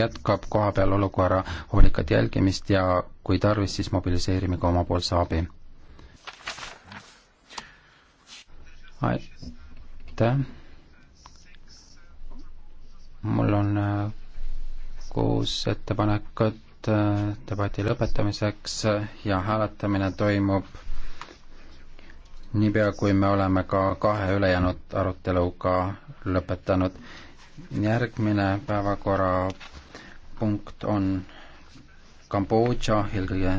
jätkab kohapeal olukorra hoolikat jälgimist ja kui tarvis, siis mobiliseerime ka omapoolse abi. aitäh. mul on äh, kuus ettepanekut äh, debati lõpetamiseks ja hääletamine toimub niipea, kui me oleme ka kahe ülejäänud aruteluga lõpetanud. järgmine päevakorra punkt on Kambodža, eelkõige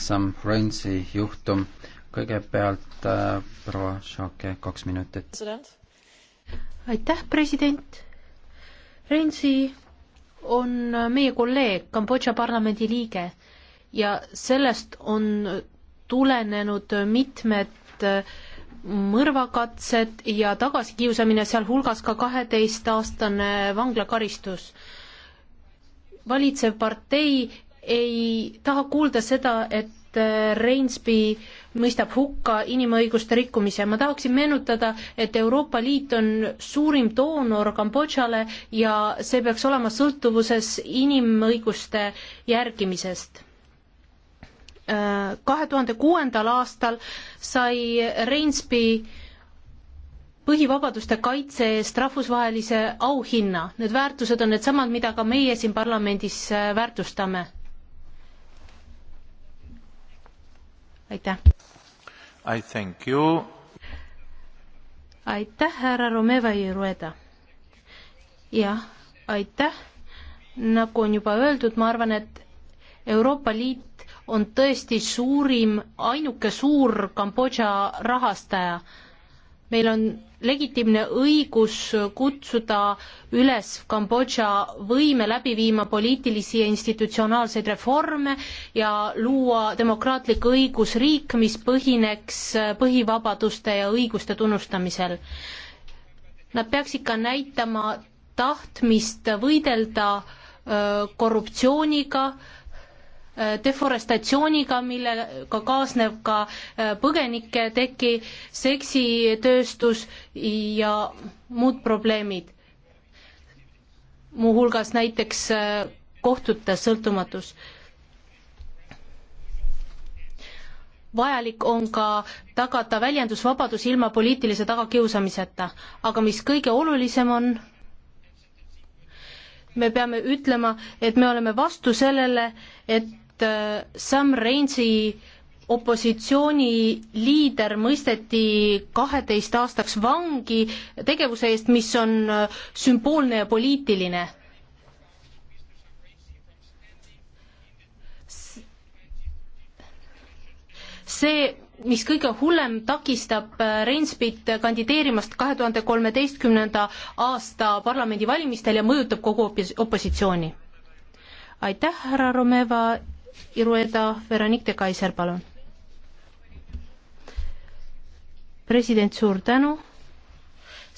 Sam Rainsi juhtum. kõigepealt äh, proua Šake, kaks minutit. aitäh, president. Rainsi on meie kolleeg, Kambodža parlamendi liige ja sellest on tulenenud mitmed mõrvakatsed ja tagasikiusamine, sealhulgas ka kaheteistaastane vanglakaristus valitsev partei ei taha kuulda seda, et äh, Reinsby mõistab hukka inimõiguste rikkumise. ma tahaksin meenutada, et Euroopa Liit on suurim doonor Kambodžale ja see peaks olema sõltuvuses inimõiguste järgimisest. Äh, kahe tuhande kuuendal aastal sai Reinsby põhivabaduste kaitse eest rahvusvahelise auhinna. Need väärtused on needsamad, mida ka meie siin parlamendis äh, väärtustame. aitäh! I thank you! aitäh, härra Romeva Irueda! jah, aitäh! nagu on juba öeldud, ma arvan, et Euroopa Liit on tõesti suurim, ainuke suur Kambodža rahastaja meil on legitiimne õigus kutsuda üles Kambodža võime läbi viima poliitilisi ja institutsionaalseid reforme ja luua demokraatlik õigusriik, mis põhineks põhivabaduste ja õiguste tunnustamisel. Nad peaksid ka näitama tahtmist võidelda äh, korruptsiooniga, Äh, deforestatsiooniga, millega kaasneb ka äh, põgenike teki, seksitööstus ja muud probleemid. muuhulgas näiteks äh, kohtute sõltumatus. vajalik on ka tagada väljendusvabadus ilma poliitilise tagakiusamiseta, aga mis kõige olulisem on, me peame ütlema, et me oleme vastu sellele, et Äh, Sam Rainsi opositsiooni liider mõisteti kaheteist aastaks vangi tegevuse eest, mis on äh, sümboolne ja poliitiline. see, mis kõige hullem, takistab äh, Reinspit kandideerimast kahe tuhande kolmeteistkümnenda aasta parlamendivalimistel ja mõjutab kogu opos-, opositsiooni. aitäh, härra Romeva Irueda Veronique de Kaiser, palun. president, suur tänu.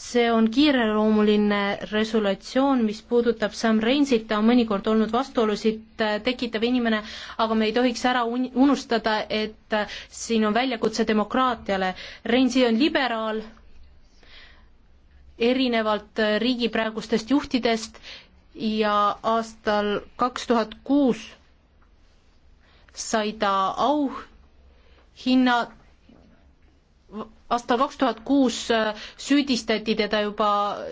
see on kiireloomuline resolutsioon, mis puudutab Sam Rainsit, ta on mõnikord olnud vastuolusid tekitav inimene, aga me ei tohiks ära unustada, et siin on väljakutse demokraatiale. Reinsi on liberaal, erinevalt riigi praegustest juhtidest ja aastal kaks tuhat kuus sai ta auhinna. aastal kaks tuhat kuus äh, süüdistati teda juba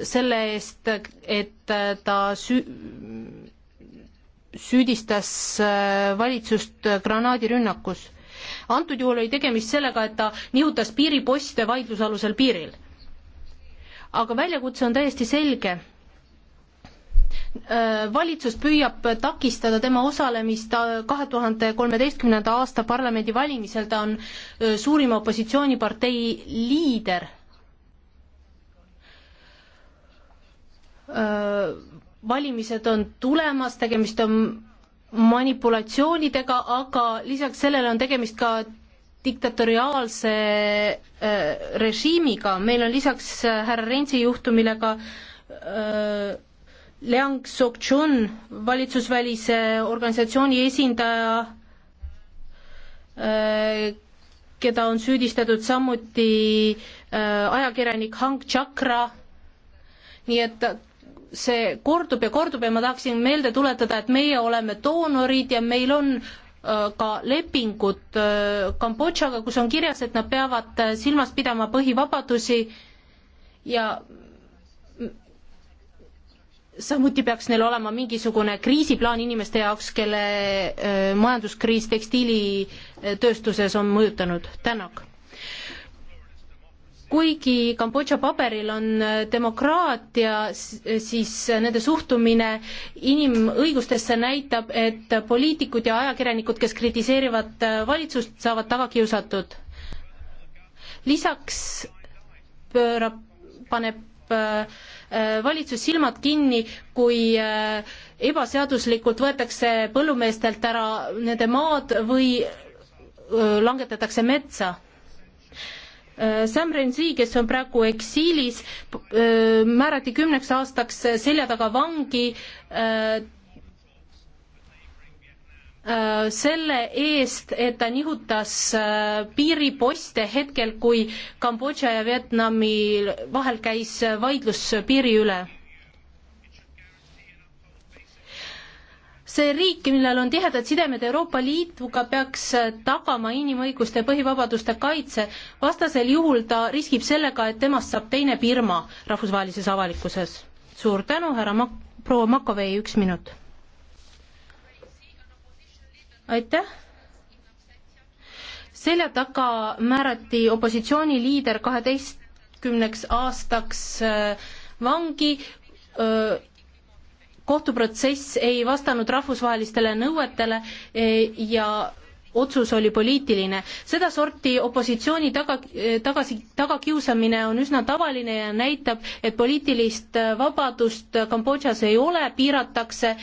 selle eest, et äh, ta süü-, süüdistas äh, valitsust granaadirünnakus. antud juhul oli tegemist sellega, et ta nihutas piiriposte vaidlusalusel piiril. aga väljakutse on täiesti selge Äh, valitsus püüab takistada tema osalemist äh, kahe tuhande kolmeteistkümnenda aasta parlamendivalimisel, ta on äh, suurima opositsioonipartei liider. valimised on tulemas, tegemist on manipulatsioonidega, aga lisaks sellele on tegemist ka diktatoriaalse režiimiga, meil on lisaks härra Rensi juhtumile ka öö, Liang Sokchun, valitsusvälise organisatsiooni esindaja, äh, keda on süüdistatud samuti äh, ajakirjanik Hank Chakra, nii et see kordub ja kordub ja ma tahaksin meelde tuletada, et meie oleme doonorid ja meil on äh, ka lepingud Kambodžaga, kus on kirjas, et nad peavad silmas pidama põhivabadusi ja samuti peaks neil olema mingisugune kriisiplaan inimeste jaoks, kelle majanduskriis tekstiilitööstuses on mõjutanud. tänak. kuigi Kambodža paberil on demokraatia, siis nende suhtumine inimõigustesse näitab, et poliitikud ja ajakirjanikud, kes kritiseerivad valitsust, saavad tagakiusatud. lisaks pöörab, paneb hoiab äh, äh, valitsus silmad kinni, kui äh, ebaseaduslikult võetakse põllumeestelt ära nende maad või langetatakse metsa Sam Renzi, kes on praegu eksiilis, määrati kümneks aastaks selja taga vangi Äh, selle eest, et ta nihutas äh, piiriposte hetkel, kui Kambodža ja Vietnami vahel käis äh, vaidlus piiri üle. see riik, millel on tihedad sidemed Euroopa Liiduga, peaks tagama inimõiguste ja põhivabaduste kaitse, vastasel juhul ta riskib sellega, et temast saab teine Birma rahvusvahelises avalikkuses. suur tänu, härra Mak-, proua Makovei, üks minut aitäh. selja taga määrati opositsiooniliider kaheteistkümneks aastaks äh, vangi. Äh, kohtuprotsess ei vastanud rahvusvahelistele nõuetele äh, ja otsus oli poliitiline. sedasorti opositsiooni taga, tagasi, tagakiusamine on üsna tavaline ja näitab, et poliitilist vabadust Kambodžas ei ole, piiratakse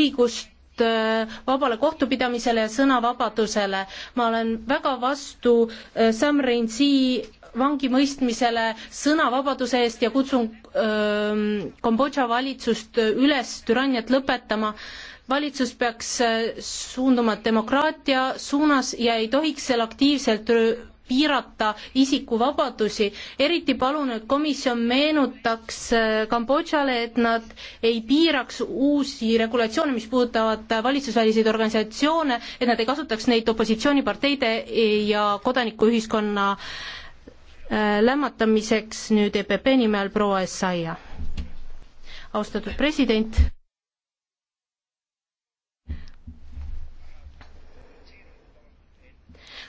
õigust Äh, vabale kohtupidamisele ja sõnavabadusele. ma olen väga vastu äh, Sam Rainsy vangimõistmisele sõnavabaduse eest ja kutsun ähm, Kambodža valitsust äh, üles türanniat lõpetama. valitsus peaks suunduma demokraatia suunas ja ei tohiks seal aktiivselt piirata isikuvabadusi. eriti palun, et komisjon meenutaks äh, Kambodžale, et nad ei piiraks uusi regulatsioone, mis puudutavad valitsusväliseid organisatsioone, et nad ei kasutaks neid opositsiooniparteide ja kodanikuühiskonna äh, lämmatamiseks nüüd EPP nimel proua Essaia. austatud president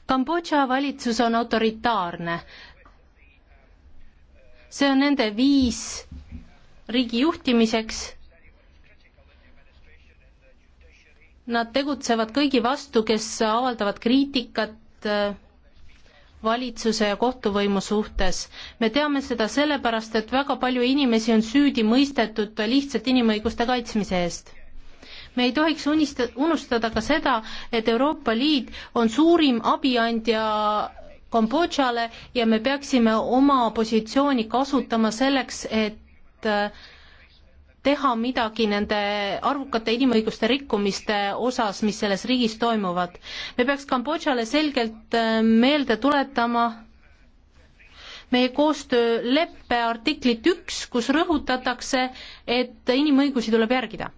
Kambodža valitsus on autoritaarne. see on nende viis riigi juhtimiseks. Nad tegutsevad kõigi vastu, kes avaldavad kriitikat äh, valitsuse ja kohtuvõimu suhtes. me teame seda sellepärast, et väga palju inimesi on süüdi mõistetud lihtsalt inimõiguste kaitsmise eest me ei tohiks unista-, unustada ka seda, et Euroopa Liit on suurim abiandja Kambodžale ja me peaksime oma positsiooni kasutama selleks, et äh, teha midagi nende arvukate inimõiguste rikkumiste osas, mis selles riigis toimuvad. me peaks Kambodžale selgelt äh, meelde tuletama meie koostööleppe artiklit üks, kus rõhutatakse, et inimõigusi tuleb järgida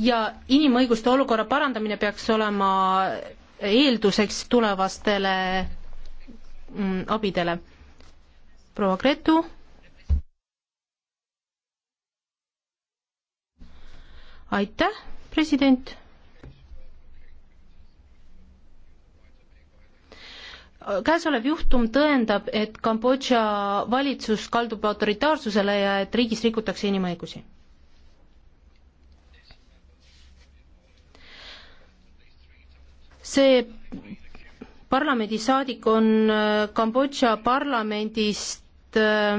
ja inimõiguste olukorra parandamine peaks olema eelduseks tulevastele mm, abidele. proua Gretu. aitäh, president. käesolev juhtum tõendab, et Kambodža valitsus kaldub autoritaarsusele ja et riigis rikutakse inimõigusi see parlamendisaadik on äh, Kambodža parlamendist äh,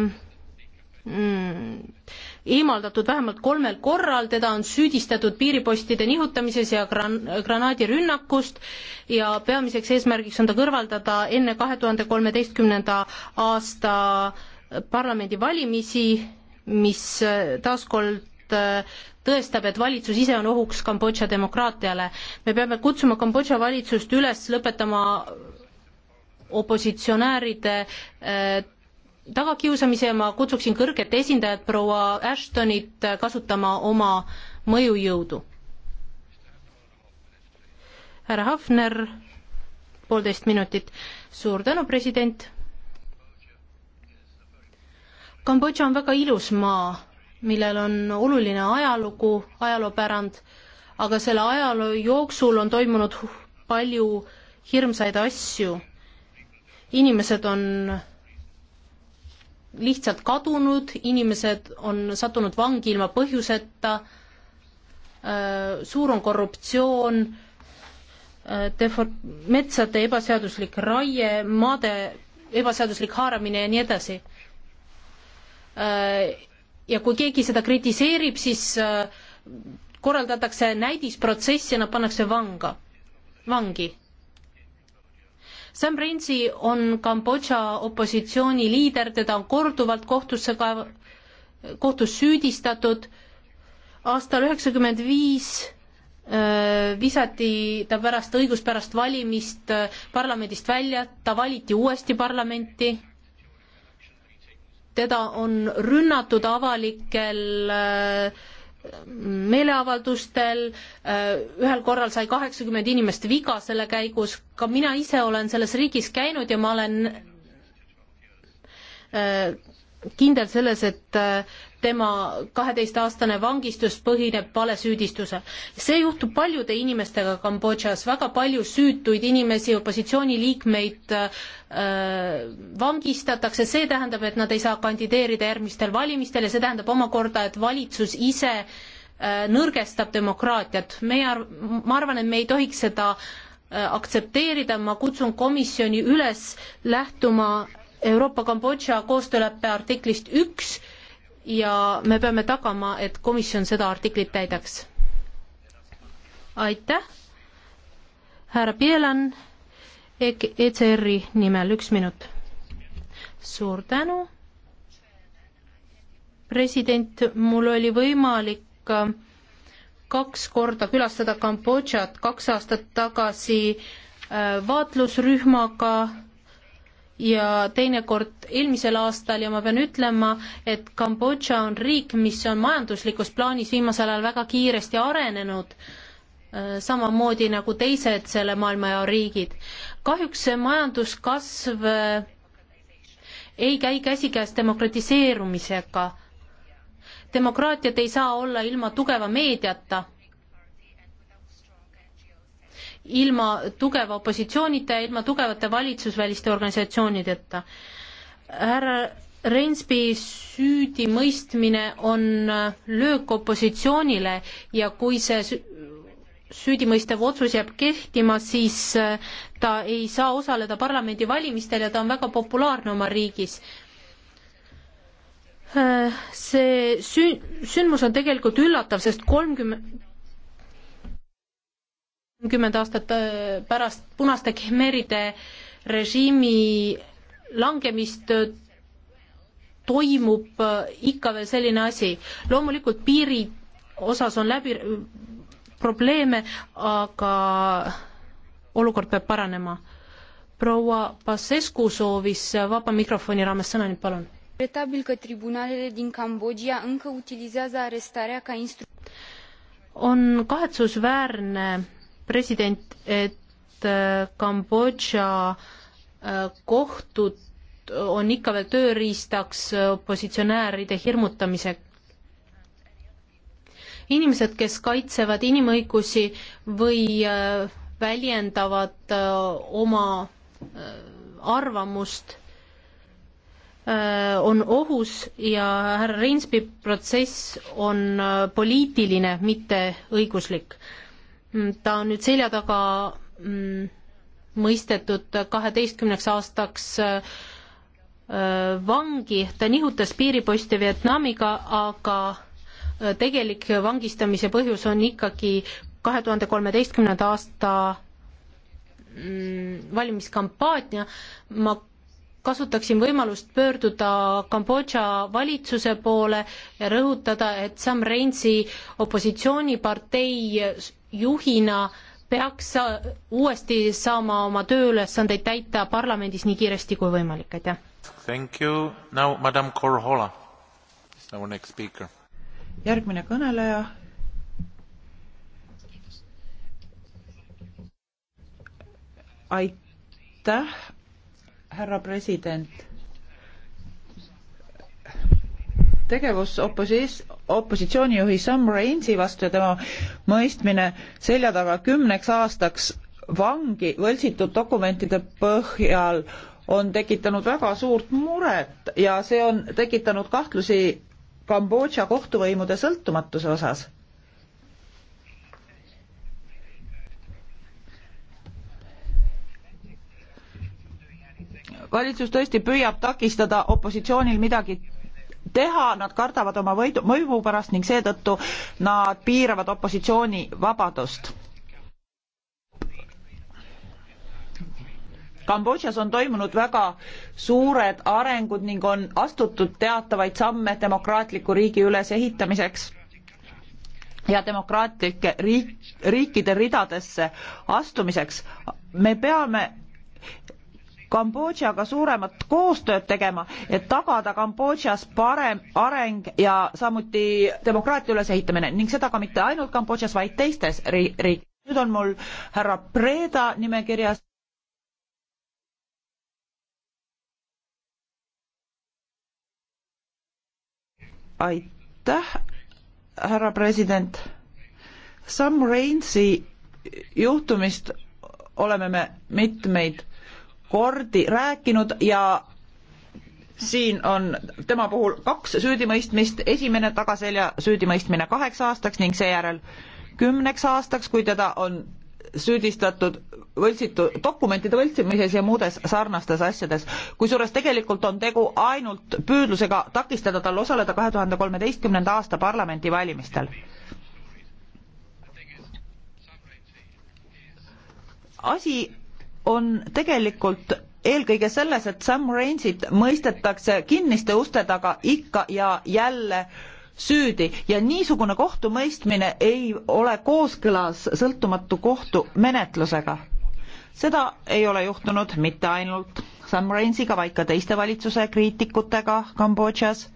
mm, eemaldatud vähemalt kolmel korral, teda on süüdistatud piiripostide nihutamises ja gran-, granaadirünnakust ja peamiseks eesmärgiks on ta kõrvaldada enne kahe tuhande kolmeteistkümnenda aasta parlamendivalimisi, mis äh, taaskord tõestab, et valitsus ise on ohuks Kambodža demokraatiale. me peame kutsuma Kambodža valitsust üles lõpetama opositsionääride eh, tagakiusamise ja ma kutsuksin kõrget esindajat proua Ashtonit kasutama oma mõjujõudu. härra Hafner, poolteist minutit. suur tänu, president. Kambodža on väga ilus maa millel on oluline ajalugu, ajaloopärand, aga selle ajaloo jooksul on toimunud palju hirmsaid asju. inimesed on lihtsalt kadunud, inimesed on sattunud vangi ilma põhjuseta, suur on korruptsioon, defo-, metsade ebaseaduslik raie, maade ebaseaduslik haaramine ja nii edasi ja kui keegi seda kritiseerib, siis äh, korraldatakse näidisprotsess ja nad pannakse vanga, vangi. Sam Rainsy on Kambodža opositsiooni liider, teda on korduvalt kohtusse kaev-, kohtus süüdistatud, aastal üheksakümmend viis äh, visati ta pärast õiguspärast valimist äh, parlamendist välja, ta valiti uuesti parlamenti teda on rünnatud avalikel äh, meeleavaldustel, äh, ühel korral sai kaheksakümmend inimest viga selle käigus, ka mina ise olen selles riigis käinud ja ma olen äh, kindel selles, et tema kaheteistaastane vangistus põhineb valesüüdistusel. see juhtub paljude inimestega Kambodžas, väga palju süütuid inimesi, opositsiooniliikmeid äh, vangistatakse, see tähendab, et nad ei saa kandideerida järgmistel valimistel ja see tähendab omakorda, et valitsus ise äh, nõrgestab demokraatiat. meie arv-, ma arvan, et me ei tohiks seda äh, aktsepteerida, ma kutsun komisjoni üles lähtuma Euroopa-Kambodža koostööleppe artiklist üks ja me peame tagama, et komisjon seda artiklit täidaks. aitäh, härra Pielan e, ECR-i nimel üks minut. suur tänu, president, mul oli võimalik äh, kaks korda külastada Kambodžat kaks aastat tagasi äh, vaatlusrühmaga ja teinekord eelmisel aastal ja ma pean ütlema, et Kambodža on riik, mis on majanduslikus plaanis viimasel ajal väga kiiresti arenenud, äh, samamoodi nagu teised selle maailmajao riigid. kahjuks see majanduskasv äh, ei käi käsikäes demokratiseerumisega. demokraatiat ei saa olla ilma tugeva meediata ilma tugeva opositsioonita ja ilma tugevate valitsusväliste organisatsioonideta. härra Reinsby süüdimõistmine on löök opositsioonile ja kui see süüdimõistev otsus jääb kehtima, siis äh, ta ei saa osaleda parlamendivalimistel ja ta on väga populaarne oma riigis äh, see sünd, sündmus on tegelikult üllatav, sest kolmkümmend, kümmend aastat äh, pärast punaste khmeride režiimi langemist äh, toimub äh, ikka veel selline asi. loomulikult piiri osas on läbi probleeme, aga olukord peab paranema. proua Pasescu soovis vaba mikrofoni raames sõna, nüüd palun. regretabil că tribunalele din Cambodgia încă utilizează arestarea ca instru- on kahetsusväärne president, et äh, Kambodža äh, kohtud on ikka veel tööriistaks äh, opositsionääride hirmutamisel. inimesed, kes kaitsevad inimõigusi või väljendavad oma arvamust, on ohus ja härra Reinspi protsess on poliitiline, mitte õiguslik Mm, ta on nüüd selja taga mm, mõistetud kaheteistkümneks aastaks äh, äh, vangi, ta nihutas piiriposti Vietnamiga, aga äh, tegelik vangistamise põhjus on ikkagi kahe tuhande kolmeteistkümnenda aasta mm, valimiskampaania, ma kasutaksin võimalust pöörduda Kambodža valitsuse poole ja rõhutada, et Sam Rainsi opositsioonipartei juhina peaks uuesti saama oma tööülesandeid täita parlamendis nii kiiresti kui võimalik, aitäh. Thank you, now madam Korhola, our next speaker. järgmine kõneleja. aitäh, härra president. tegevus opositsioon opositsioonijuhi Sam Rainsi vastu ja tema mõistmine selja taga kümneks aastaks vangi võltsitud dokumentide põhjal on tekitanud väga suurt muret ja see on tekitanud kahtlusi Kambodža kohtuvõimude sõltumatuse osas. valitsus tõesti püüab takistada opositsioonil midagi teha, nad kardavad oma võidu, mõju pärast ning seetõttu nad piiravad opositsiooni vabadust. Kambodžas on toimunud väga suured arengud ning on astutud teatavaid samme demokraatliku riigi ülesehitamiseks ja demokraatlike riik, riikide ridadesse astumiseks. me peame Kambodžaga suuremat koostööd tegema, et tagada Kambodžas parem areng ja samuti demokraatia ülesehitamine ning seda ka mitte ainult Kambodžas, vaid teistes riikides. nüüd on mul härra Preda nimekirjas. aitäh, härra president. Sam Rainsi juhtumist oleme me mitmeid kordi rääkinud ja siin on tema puhul kaks süüdimõistmist, esimene tagaselja süüdimõistmine kaheks aastaks ning seejärel kümneks aastaks, kui teda on süüdistatud võltsitu, dokumentide võltsimises ja muudes sarnastes asjades. kusjuures tegelikult on tegu ainult püüdlusega takistada tal osaleda kahe tuhande kolmeteistkümnenda aasta parlamendivalimistel. asi on tegelikult eelkõige selles, et Sam Rainsit mõistetakse kinniste uste taga ikka ja jälle süüdi ja niisugune kohtumõistmine ei ole kooskõlas sõltumatu kohtu menetlusega. seda ei ole juhtunud mitte ainult Sam Rainsiga, vaid ka teiste valitsuse kriitikutega Kambodžas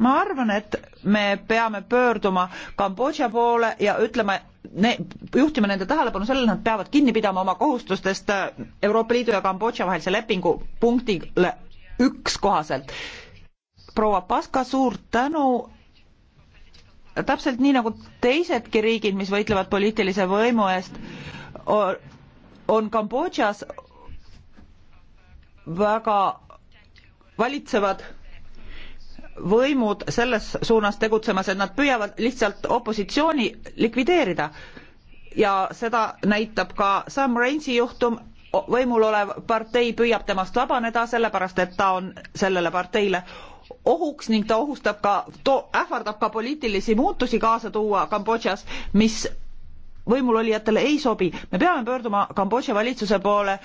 ma arvan, et me peame pöörduma Kambodža poole ja ütlema, ne, juhtima nende tähelepanu sellele, nad peavad kinni pidama oma kohustustest äh, Euroopa Liidu ja Kambodža vahelise lepingu punktile üks kohaselt. proua Paska, suur tänu. täpselt nii nagu teisedki riigid, mis võitlevad poliitilise võimu eest, on Kambodžas väga valitsevad võimud selles suunas tegutsemas, et nad püüavad lihtsalt opositsiooni likvideerida. ja seda näitab ka Sam Rainsi juhtum, võimul olev partei püüab temast vabaneda, sellepärast et ta on sellele parteile ohuks ning ta ohustab ka, ähvardab ka poliitilisi muutusi kaasa tuua Kambodžas, mis võimulolijatele ei sobi. me peame pöörduma Kambodža valitsuse poole,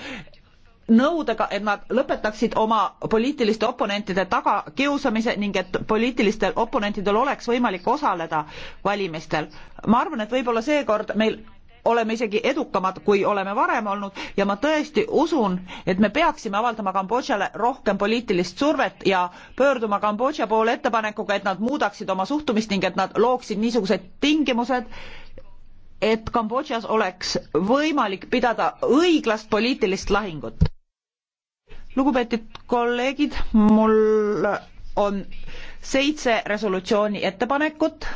nõudega, et nad lõpetaksid oma poliitiliste oponentide tagakiusamise ning et poliitilistel oponentidel oleks võimalik osaleda valimistel. ma arvan, et võib-olla seekord meil oleme isegi edukamad, kui oleme varem olnud ja ma tõesti usun, et me peaksime avaldama Kambodžale rohkem poliitilist survet ja pöörduma Kambodža poole ettepanekuga, et nad muudaksid oma suhtumist ning et nad looksid niisugused tingimused, et Kambodžas oleks võimalik pidada õiglast poliitilist lahingut lugupeetud kolleegid, mul on seitse resolutsiooni ettepanekut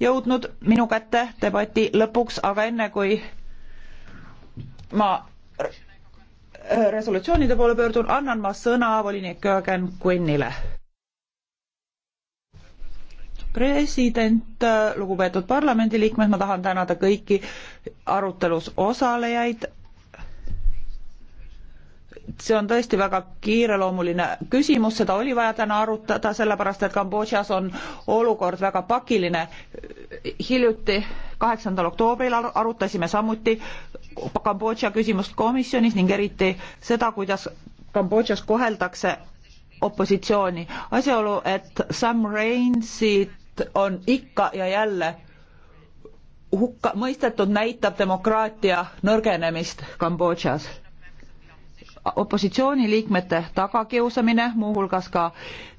jõudnud minu kätte debati lõpuks, aga enne kui ma resolutsioonide poole pöördun, annan ma sõna volinik Jürgen Quinnile. president, lugupeetud parlamendiliikmed, ma tahan tänada kõiki arutelus osalejaid see on tõesti väga kiireloomuline küsimus, seda oli vaja täna arutada, sellepärast et Kambodžas on olukord väga pakiline. hiljuti, kaheksandal oktoobril arutasime samuti Kambodža küsimust komisjonis ning eriti seda, kuidas Kambodžas koheldakse opositsiooni. asjaolu, et Sam Rainsit on ikka ja jälle hukka mõistetud, näitab demokraatia nõrgenemist Kambodžas opositsiooniliikmete tagakiusamine, muuhulgas ka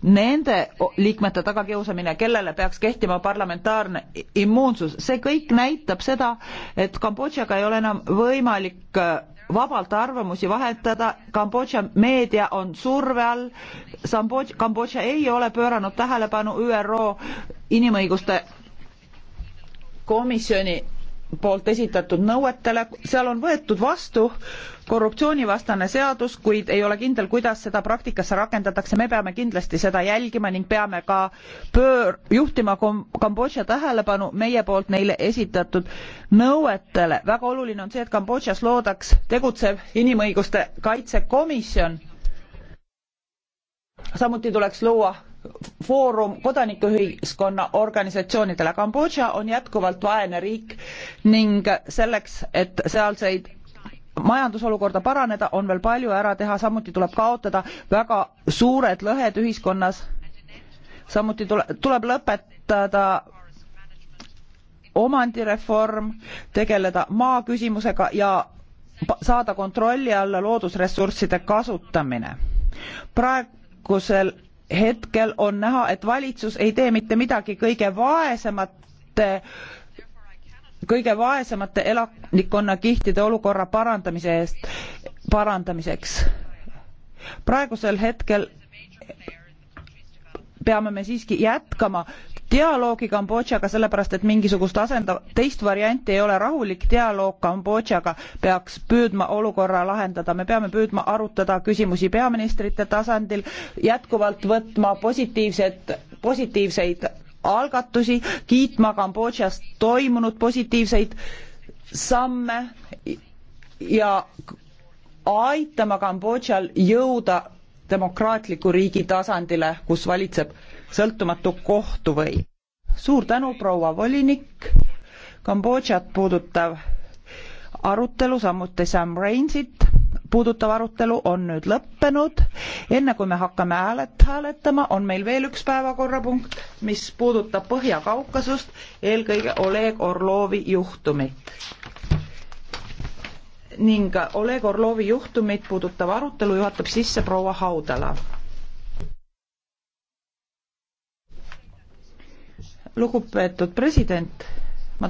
nende liikmete tagakiusamine, kellele peaks kehtima parlamentaarne immuunsus, see kõik näitab seda, et Kambodžaga ei ole enam võimalik äh, vabalt arvamusi vahetada, Kambodža meedia on surve all, Kambodža ei ole pööranud tähelepanu ÜRO inimõiguste komisjoni poolt esitatud nõuetele, seal on võetud vastu korruptsioonivastane seadus, kuid ei ole kindel, kuidas seda praktikasse rakendatakse, me peame kindlasti seda jälgima ning peame ka pöör-, juhtima kom-, Kambodža tähelepanu meie poolt neile esitatud nõuetele. väga oluline on see, et Kambodžas loodaks tegutsev inimõiguste kaitsekomisjon. samuti tuleks luua foorum kodanikuühiskonna organisatsioonidele. Kambodža on jätkuvalt vaene riik ning selleks, et sealseid majandusolukorda paraneda, on veel palju ära teha, samuti tuleb kaotada väga suured lõhed ühiskonnas. samuti tule, tuleb lõpetada omandireform, tegeleda maaküsimusega ja saada kontrolli alla loodusressursside kasutamine. praegusel hetkel on näha, et valitsus ei tee mitte midagi kõige vaesemate kõige vaesemate elanikkonnakihtide olukorra parandamise eest, parandamiseks. praegusel hetkel peame me siiski jätkama dialoogi kambodžaga sellepärast et mingisugust asenda- teist varianti ei ole rahulik dialoog kambodžaga peaks püüdma olukorra lahendada me peame püüdma arutada küsimusi peaministrite tasandil jätkuvalt võtma positiivset positiivseid algatusi kiitma kambodžas toimunud positiivseid samme ja aitama kambodžal jõuda demokraatliku riigi tasandile kus valitseb sõltumatu kohtuvõim. suur tänu, proua volinik, Kambodžat puudutav arutelu, samuti Sam Rainsit puudutav arutelu on nüüd lõppenud. enne kui me hakkame häälet hääletama, on meil veel üks päevakorrapunkt, mis puudutab Põhja-Kaukasust, eelkõige Oleg Orlovi juhtumit. ning Oleg Orlovi juhtumit puudutav arutelu juhatab sisse proua Haudala lugupeetud president